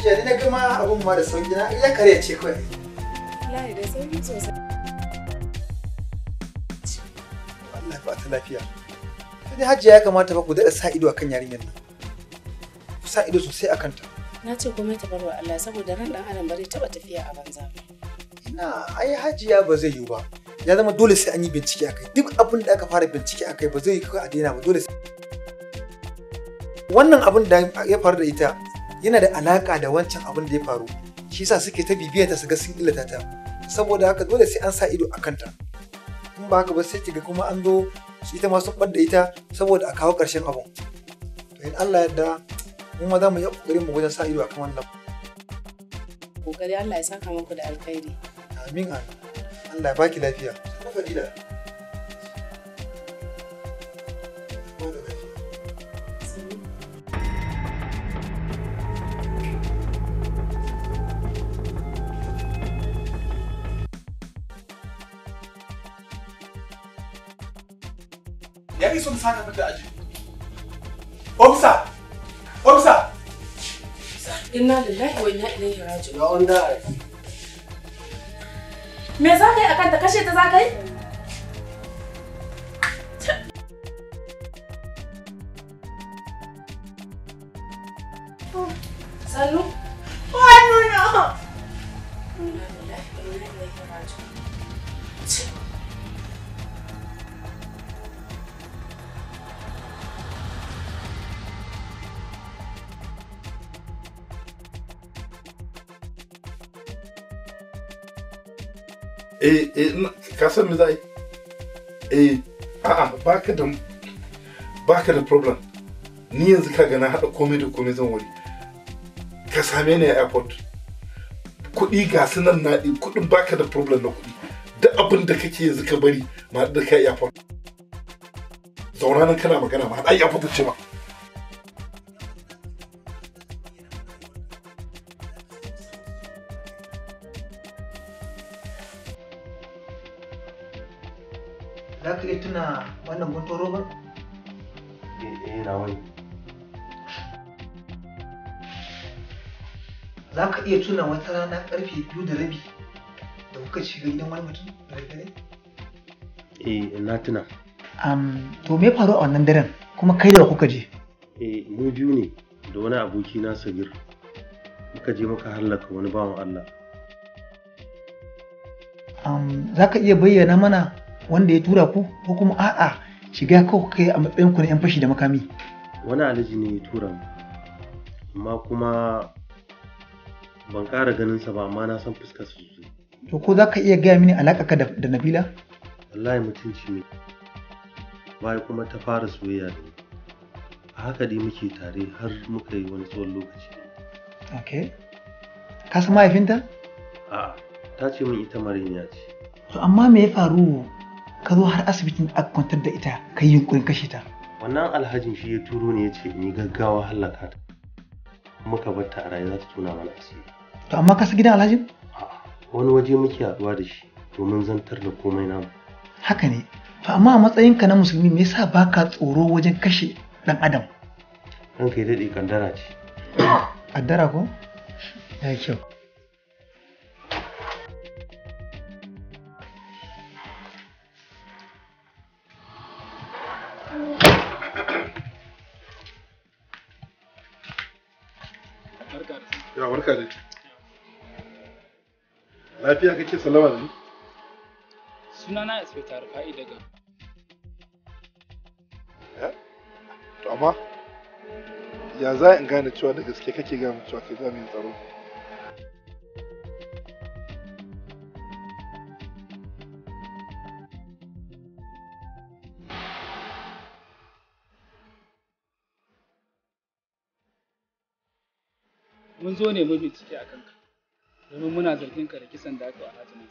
jiya ni na gama abin ma da sauki na ya kare ce kawai. Wallahi da sauki sosai. Allah ba ta lafiya. Sai hajiya ya kamata ba ku daɗa sa ido akan yarinyar nan. Ku sa ido sosai a kanta. Na ce komai ta barwa Allah saboda ran ɗan adam bari taɓa tafiya a banza ba. Ina ai hajiya ba zai yiwu ba. Ya zama dole sai an yi bincike akai. Duk abin da aka fara bincike akai ba zai yi kawai a daina ba dole sai. Wannan abin da ya faru da ita yana da alaƙa da wancan abin da ya faru shi sa suke ta bibiyar ta su ga sun illata ta saboda haka dole sai an sa ido a kanta in ba haka ba sai kiga kuma an zo ita ma sun ɓadda ita saboda a kawo ƙarshen abin to in Allah yarda mu ma za mu yi ƙoƙarin mu wajen sa ido akan wannan ƙoƙari Allah ya saka muku da alkhairi amin amin Allah ya baki lafiya kuma fadila me son saka mata aji officer officer inna lillahi wa inna ilaihi raji'un ya wanda me za ka yi akan ta kashe ta za ka yi Salud. Eh, ka san me za a yi eh a'a baka da baka da problem ni yanzu ka gana haɗa komai da komai zan wuri ka same ni a airport kuɗi ga su nan naɗi kuɗin baka da problem na kuɗi duk abin da kake yanzu ka bari ma da kai airport zauna nan kana magana ma haɗa airport ce ma na karfe biyu da rabi da kuka shiga gidan wani mutum da dare? Eh, na tuna. Um, to me faru a wannan daren kuma kai da kuka je? Eh, mu biyu ne da wani aboki na sabir. Muka je muka hallaka wani bawan Allah. Um, za ka iya bayyana mana wanda ya tura ku ko kuma a'a shiga kawai kai a matsayin ku na 'yan fashi da makami. Wani alaji ne ya tura mu. Amma kuma ban ƙara ganin sa ba amma na san fuskar su to ko za ka iya gaya mini alaƙa ka da nabila wallahi mutunci ne bayan kuma ta fara soyayya da ni a haka dai muke tare har muka yi wani tsawon lokaci Okay. ka san mahaifinta a'a ta ce min ita mariniya ce to amma me ya faru ka zo har asibitin da aka kwantar da ita ka yi yunƙurin kashe ta wannan alhajin shi ya turo ne ya ce in yi gaggawa hallaka ta muka bar ta a rayuwa ta tuna mana asiri to amma ka gidan alhaji wani waje muke haɗuwa da shi domin zantar da komai namu haka ne to amma a matsayinka na musulmi me yasa baka tsoro wajen kashe ɗan adam ranka ya daɗe kandara ce Addara ko ya kyau lafiya kake salama da ni? Sunana Inspector Rufa'i daga. Eh? To amma ya za in gane cewa da gaske kake gane cewa kai yi tsaro? Mun zo ne mu bincike a kanka. domin muna zargin ka da kisan da aka alhaji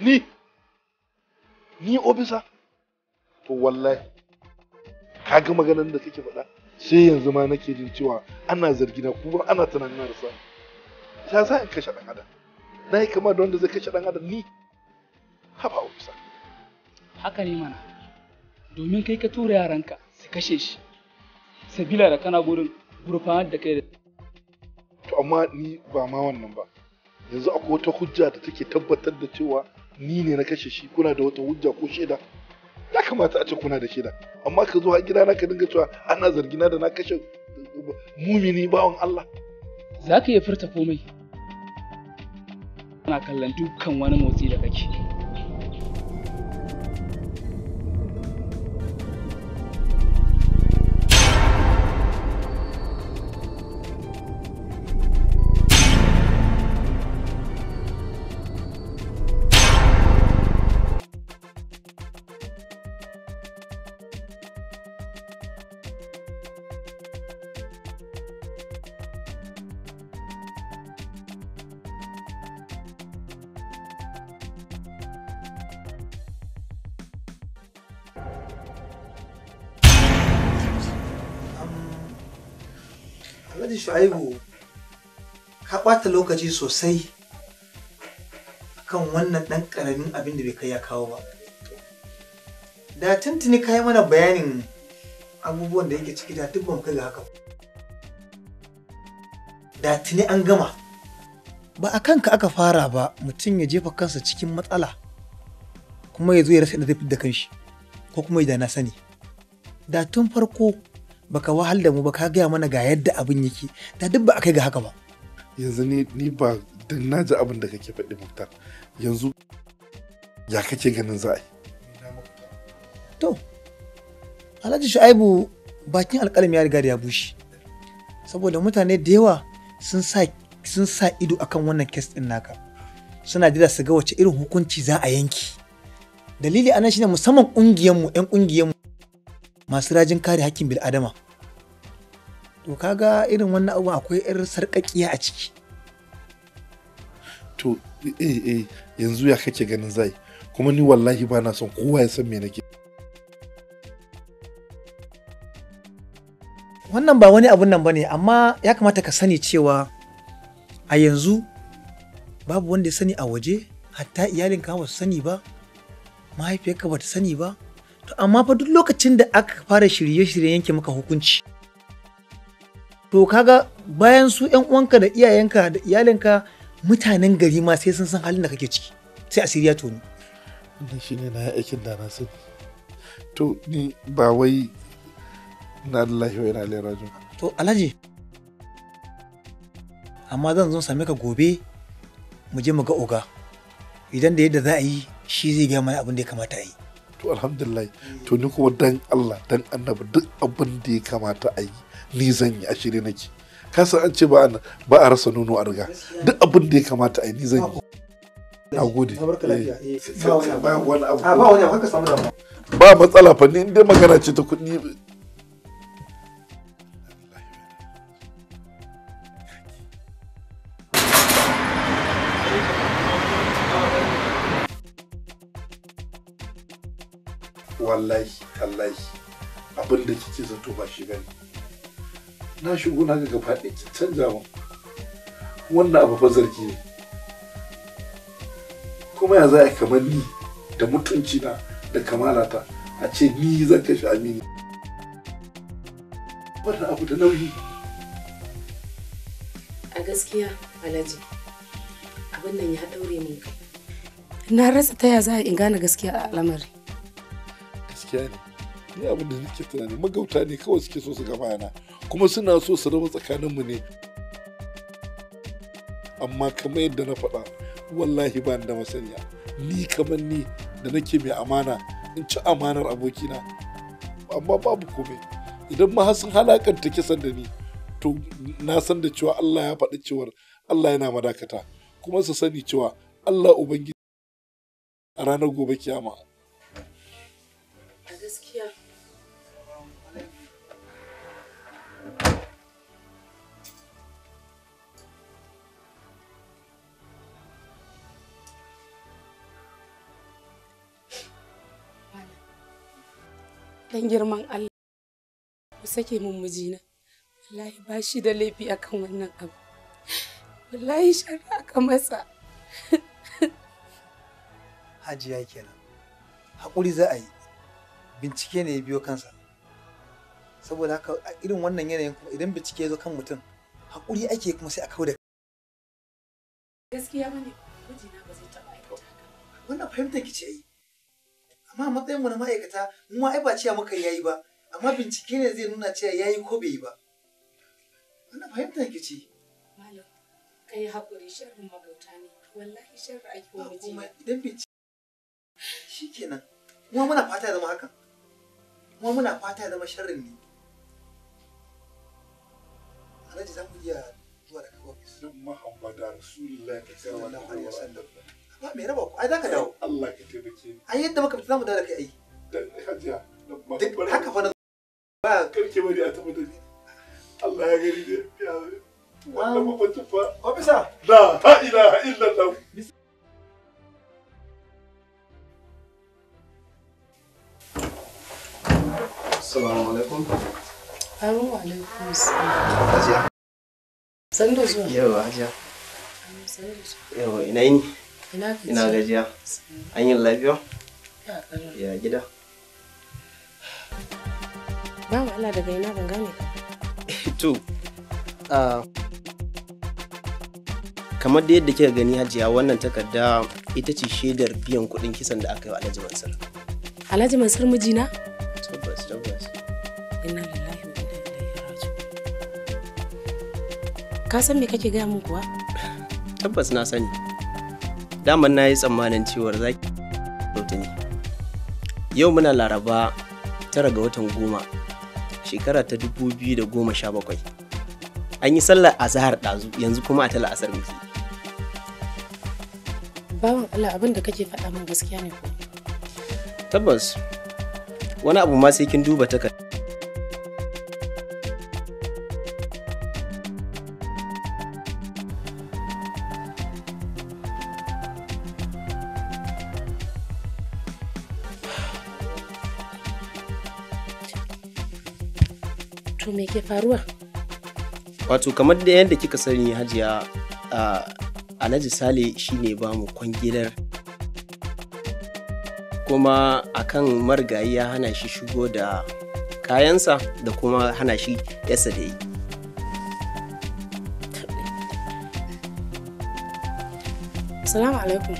Ni? Ni obisa? To wallahi, ka ga maganar da kake faɗa sai yanzu ma nake jin cewa ana zargina kuma ana tunanin na rasa. Ya za in kashe ɗan adam? Na yi kama da wanda zai kashe ɗan adam ni? Haba obisa. Haka ne mana, domin kai ka tura yaranka su kashe shi. Sabila da kana gurin gurfanar da kai da. To amma ni ba ma wannan ba. yanzu akwai wata hujja da take tabbatar da cewa ni ne na kashe shi kuna da wata hujja ko shaida ya kamata a ce kuna da shaida amma ka zo gida na ka dinga cewa ana zargina da na kashe mumini bawan Allah za ka iya furta komai ana kallon dukkan wani motsi da kake Alhaji Shu'aibu ka ɓata lokaci sosai kan wannan ɗan ƙaramin abin da bai kai ya kawo ba. Da tuntuni ka yi mana bayanin abubuwan da yake ciki da duk ban kai ga haka. Da tuni an gama. Ba a kanka aka fara ba mutum ya jefa kansa cikin matsala kuma ya zo ya rasa inda zai da kanshi ko kuma ya na sani. Da tun farko baka wahal da mu ba ka gaya mana ga yadda abin yake da duk ba a kai ga haka ba yanzu ni ni ba dan na ji abin da kake faɗi muktar yanzu ya kake ganin za to alhaji shu'aibu bakin alƙalam ya riga da ya bushe saboda mutane da yawa sun sa sun sa ido akan wannan kes din naka suna jira su ga wace irin hukunci za a yanki dalili anan shine musamman ƙungiyarmu 'yan ƙungiyarmu masu rajin kare hakkin bil'adama to kaga irin wannan abu akwai 'yar sarƙaƙiya a ciki to eh eh yanzu ya kake ganin zai kuma ni wallahi ba na son kowa ya san me nake wannan ba wani abun nan bane amma ya kamata ka sani cewa a yanzu babu wanda ya sani a waje hatta iyalinka ba su sani ba mahaifiyarka ba ta sani ba To amma fa duk lokacin da aka fara shirye-shiryen yanke maka hukunci. To kaga bayan su ‘yan uwanka da iyayenka da iyalinka mutanen gari ma sai sun san halin da kake ciki sai asiriya to ni. Wannan shi ne na aikin da na sani. To ni ba wai na lallahi wa ina alaihi To Alhaji, amma zan zo same ka gobe mu je mu ga oga idan da yadda za a yi shi zai gaya mana abin da ya kamata a yi. to alhamdulillah to ni kuma dan Allah dan annabi duk abin da ya kamata a yi ni zan yi a shirye nake kasan an ce ba a rasa nono a riga duk abin da ya kamata a yi ni zan yi na gode ba matsala fa ni dai magana ce ta kuɗi wallahi tallahi abin da kike zato ba shi gani na shigo na ga gaba ɗaya ki canja mu wannan abu fa zargi ne kuma ya za a kamar ni da mutunci na da kamalata a ce ni zan kashe amini wannan abu da nauyi a gaskiya alhaji abin nan ya daure min kai na rasa taya za a in na gaskiya a al'amari gaskiya ne ni abin da nake tunani magauta ne kawai suke so su ga bayana kuma suna so su raba mu ne amma kamar yadda na faɗa wallahi ba da masaniya ni kamar ni da nake mai amana in ci amanar abokina amma babu komai idan ma sun halakanta kisan da ni to na san da cewa Allah ya faɗi cewar Allah yana madakata kuma su sani cewa Allah ubangiji a ranar gobe kiyama a gaskiya dan girman Allah ku sake mun mijina wallahi ba shi da laifi akan wannan abu wallahi shari'a aka masa hajiya kenan haƙuri za a yi bincike ne ya biyo kansa saboda haka irin wannan yanayin kuma idan bincike ya zo kan mutum haƙuri ake kuma sai a kawo da gaskiya bane mijina ba zai taɓa aikata wannan fahimtar ki ce yi amma a matsayin mu na ma'aikata mu ma ai ba cewa muka yayi ba amma bincike ne zai nuna cewa yayi ko bai yi ba wannan fahimtar ki ce malam kai haƙuri sharrin magauta ne wallahi sharri ake wa mijina idan bincike shikenan kuma muna fata zama hakan kuma muna fata ya zama sharrin ne alhaji za mu iya zuwa da kawo sun muhammada rasulullah ka tsara wani har ya san da ba me raba ku ai za ka dawo Allah ka taimake ni ai yadda muka fita za mu dawo da kai ai duk haka fa ba karke bari a da ni Allah ya gari ne ya wannan mafatin fa ofisa da ha'ila ha'ila illallah Assalamu alaikum. da ina gajiya. An yi lafiya? Ya gida. Ba kamar da yadda kika gani hajiya wannan takarda ita ce shaidar biyan kuɗin kisan da aka yi wa Alhaji Mansur. Alhaji Mansur mijina? tabbas tabbas inna lillahi wa da ilaihi raji'un ka san me kake gaya min kuwa tabbas na sani daman na yi tsammanin cewar za ki ne yau muna laraba tara ga watan goma shekara ta 2017 an yi sallar azahar ɗazu yanzu kuma a tala asar miki bawan allah abin da kake faɗa min gaskiya ne ko tabbas wani abu ma sai kin duba takar. To me ke faruwa? Wato kamar da yadda kika sani hajiya Alhaji Sale shine ba mu kwangilar kuma akan marigayi ya hana shi shigo da kayansa da kuma hana shi yasa da yi salamu alaikum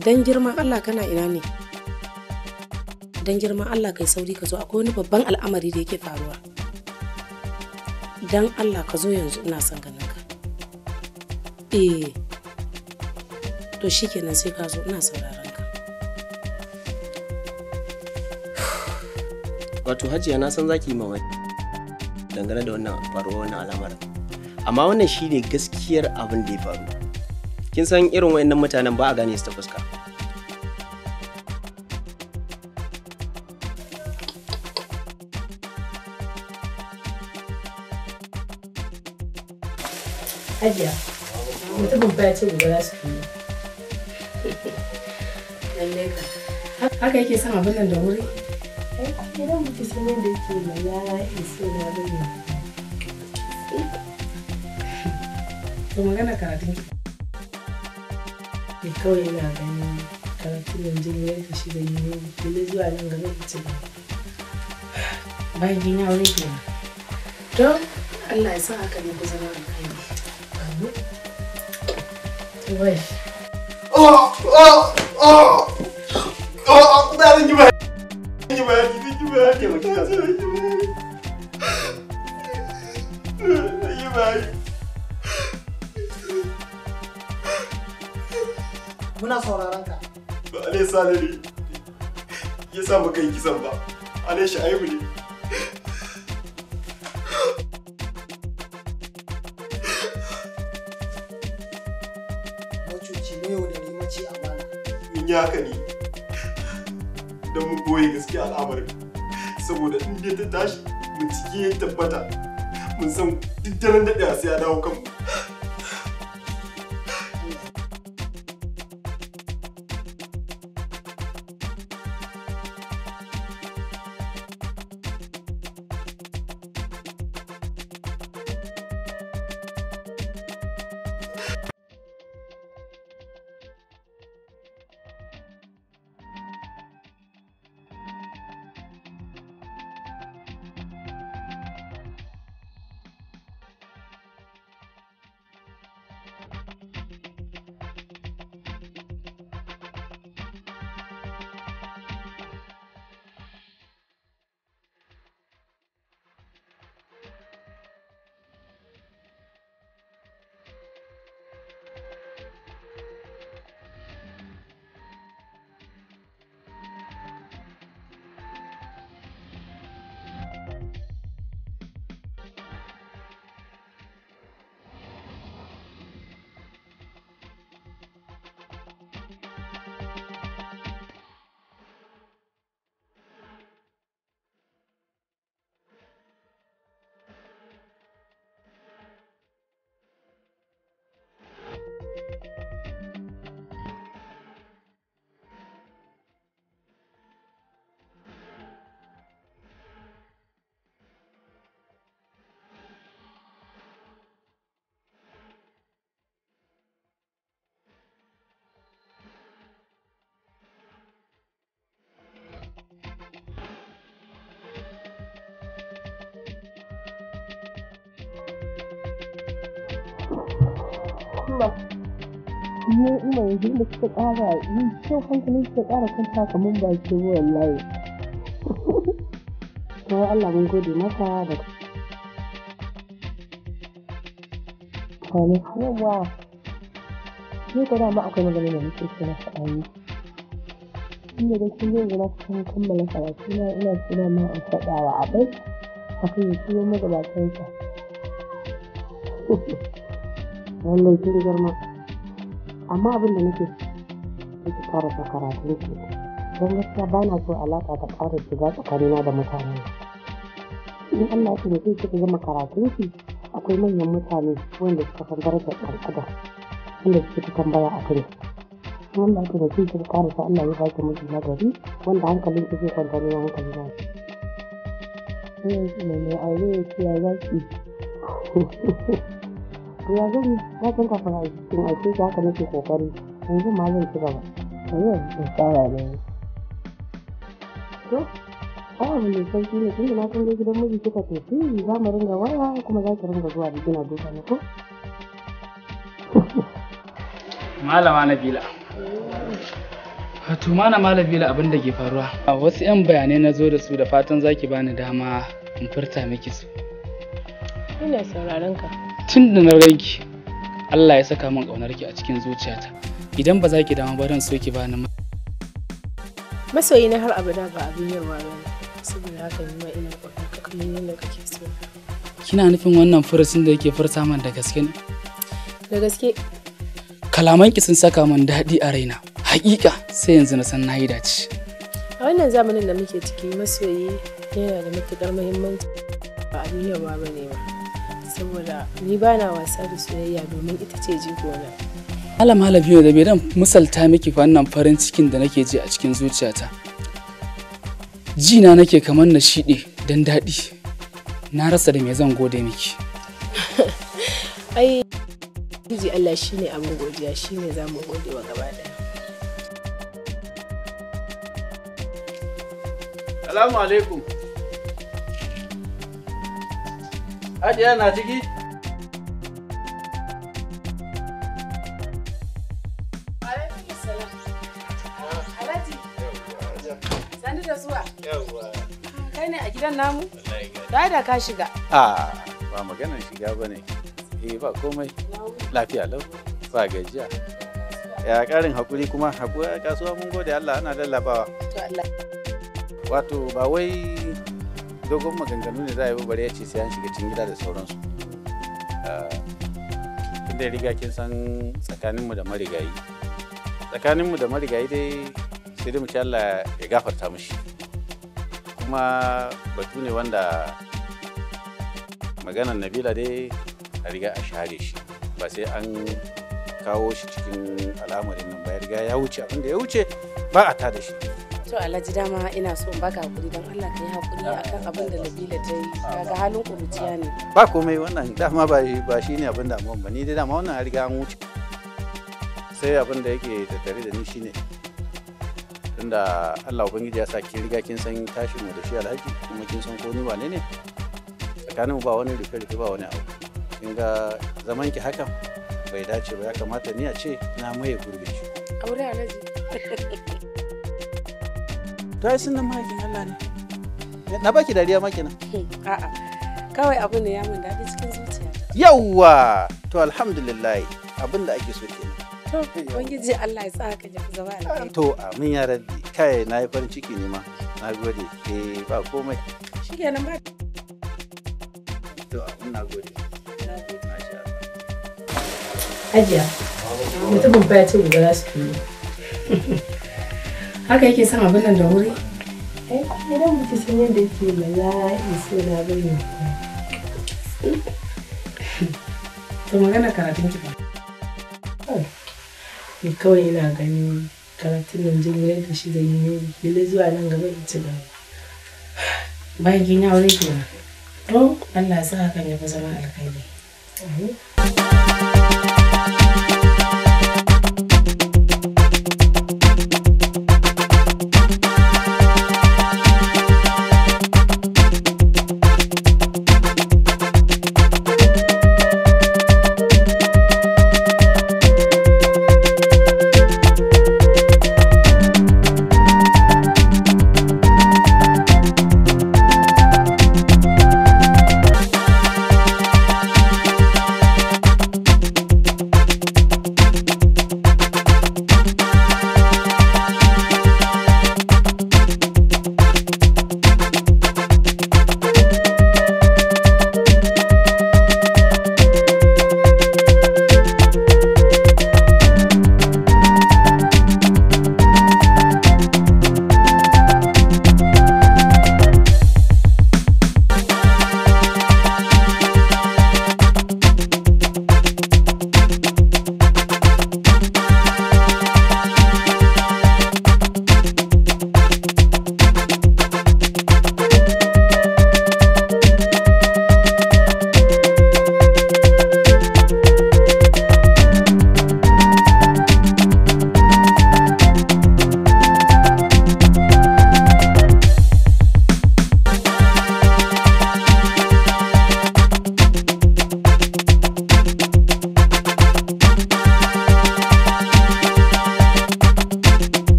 don girman allah kana ina ne don girman allah kai sauri ka zo akwai wani babban al'amari da yake faruwa don allah ka zo yanzu ina son ganin ka eh to shikenan sai ka zo ina saurara wato hajiya na san zaki mamaki dangane da wannan faruwar wannan al'amarin amma wannan shine gaskiyar abin da ya faru kin san irin wayannan mutanen ba a gane su ta fuska Hajiya, mutumin ba ya ce gobe za su fi Lalle ka. Haka yake son abin nan da wuri? idan ba ki san ma yara in suna ba ne to magana karatun ki ne kawai ina ganin karatun yanzu ne yanka shi da ne dole zuwa nan ga lokacin bayan gina aure ke don Allah ya sa haka ne ku zama da kai Oh, oh, oh, oh, oh, oh, oh, oh, oh, ka taimaki yi bayi muna sauraron ka ba ale salari ya sa maka yi kisan ba ale shi aibu ne ya haka ne don mu goye gaskiya saboda in dai ta tashi bincike ya tabbata mun san duk daren daɗewa sai ya dawo kanmu Allah ni ina yanzu da suka kara yi kyau suka bakin wallahi to Allah mun gode maka da kwanu yawa ni ko dama akwai magana da nake inda da kin kan kammala karatu na ina suna ma a faɗa abai akan yi lallai kin girma amma abin da nake ki karasa karatun ki don gaskiya ba na so alaƙa ta ƙara shiga tsakanina da mutane in Allah ya taimake ki gama karatun ki akwai manyan mutane wanda suka san darajar ɗan adam wanda suke ta tambaya a kai wanda ake da shi ki karasa Allah ya baki miji gari wanda hankalin ki zai kwanta ne hankali na shi. Mai aure ya ce ya zaki. ya zan yi na san kafin aikin aiki ki haka nake kokari yanzu ma zan ci gaba bari in tsara da ni to ai abu mai sauki ne tunda na san dai gidan miji kika tafi za mu ringa waya kuma za ki ringa zuwa da kina duka ne ko malama nabila wato mana malabila abin da ke faruwa a wasu 'yan bayanai na zo da su da fatan zaki bani dama in furta miki su ina sauraron ka tun da na ranki Allah ya saka min ƙaunarki a cikin zuciyata idan ba za ki dama ba ran so ki bani masoyi na har abada ba abin yawa ba saboda haka ni ma ina ƙaunarka kamar yadda kake so kina nufin wannan furucin da yake furta man da gaske ne da gaske ki sun saka man daɗi a raina hakika sai yanzu na san nayi dace a wannan zamanin da muke ciki masoyi yana da matuƙar muhimmanci ba abin yawa ba ne ba saboda ni ba na wasa da soyayya domin ita ce jigona. Malam Malam Biyo da biran misalta miki wannan farin cikin da nake ji a cikin zuciyata. Jina nake kamar na shiɗe don daɗi. Na rasa da me zan gode miki. Ai, Ubangiji Allah shine abin godiya ne za mu gode wa gaba da. Salamu alaikum. Hajiya na ciki? Sani da Da ka shiga. A ba maganar shiga ba ne. Eh ba komai. Lafiya lau. Ba gajiya. Ya ƙarin haƙuri kuma haƙuri kasuwa mun gode Allah ana lallabawa. Wato ba wai dogon maganganu ne za a yi bari ya ce sai an shiga cikin gida da sauransu ah, da riga kin san tsakaninmu da marigayi tsakaninmu da marigayi dai sai dai mu Allah ya gafarta mushi kuma batu ne wanda maganan nabila dai a riga a share shi ba sai an kawo shi cikin al'amarin nan ba ya riga ya wuce abinda ya wuce ba a tada shi to alhaji dama ina so in baka hakuri don Allah ka yi hakuri akan abin da Nabila ta yi kaga halin kuruciya ne ba komai wannan dama ba ba shine abin damuwan ba ni dai dama wannan riga an wuce sai abin da yake tattare da ni shine tunda Allah ubangiji ya sa kin riga kin san tashin mu da shi alhaji kuma kin san ko ni wane ne tsakanin mu ba wani rufe rufe ba wani abu kin ga zaman ki hakan bai dace ba ya kamata ni a ce na maye gurbin shi aure alhaji to ai sunan mahaifin Allah ne na baki dariya ma kenan a'a kawai abu da ya mun daɗi cikin zuciya yawwa to alhamdulillah abin da ake so kenan to ubangiji Allah ya tsaka ya zama alheri to amin ya rabbi kai na yi farin ciki ne ma na gode eh ba komai shikenan ba to abin na gode Ajiya, mutumin baya ce gobe za su fiye. haka yake son abin nan da wuri eh, idan muke san yadda yake bala'i so na bane. to magana karatun ki ba ni kawai ina ganin karatun nan jin yadda shi da yi ne lalle zuwa nan gaba in ci gaba bayan kin yi aure kenan to Allah ya sa hakan ya fi zama alkhairi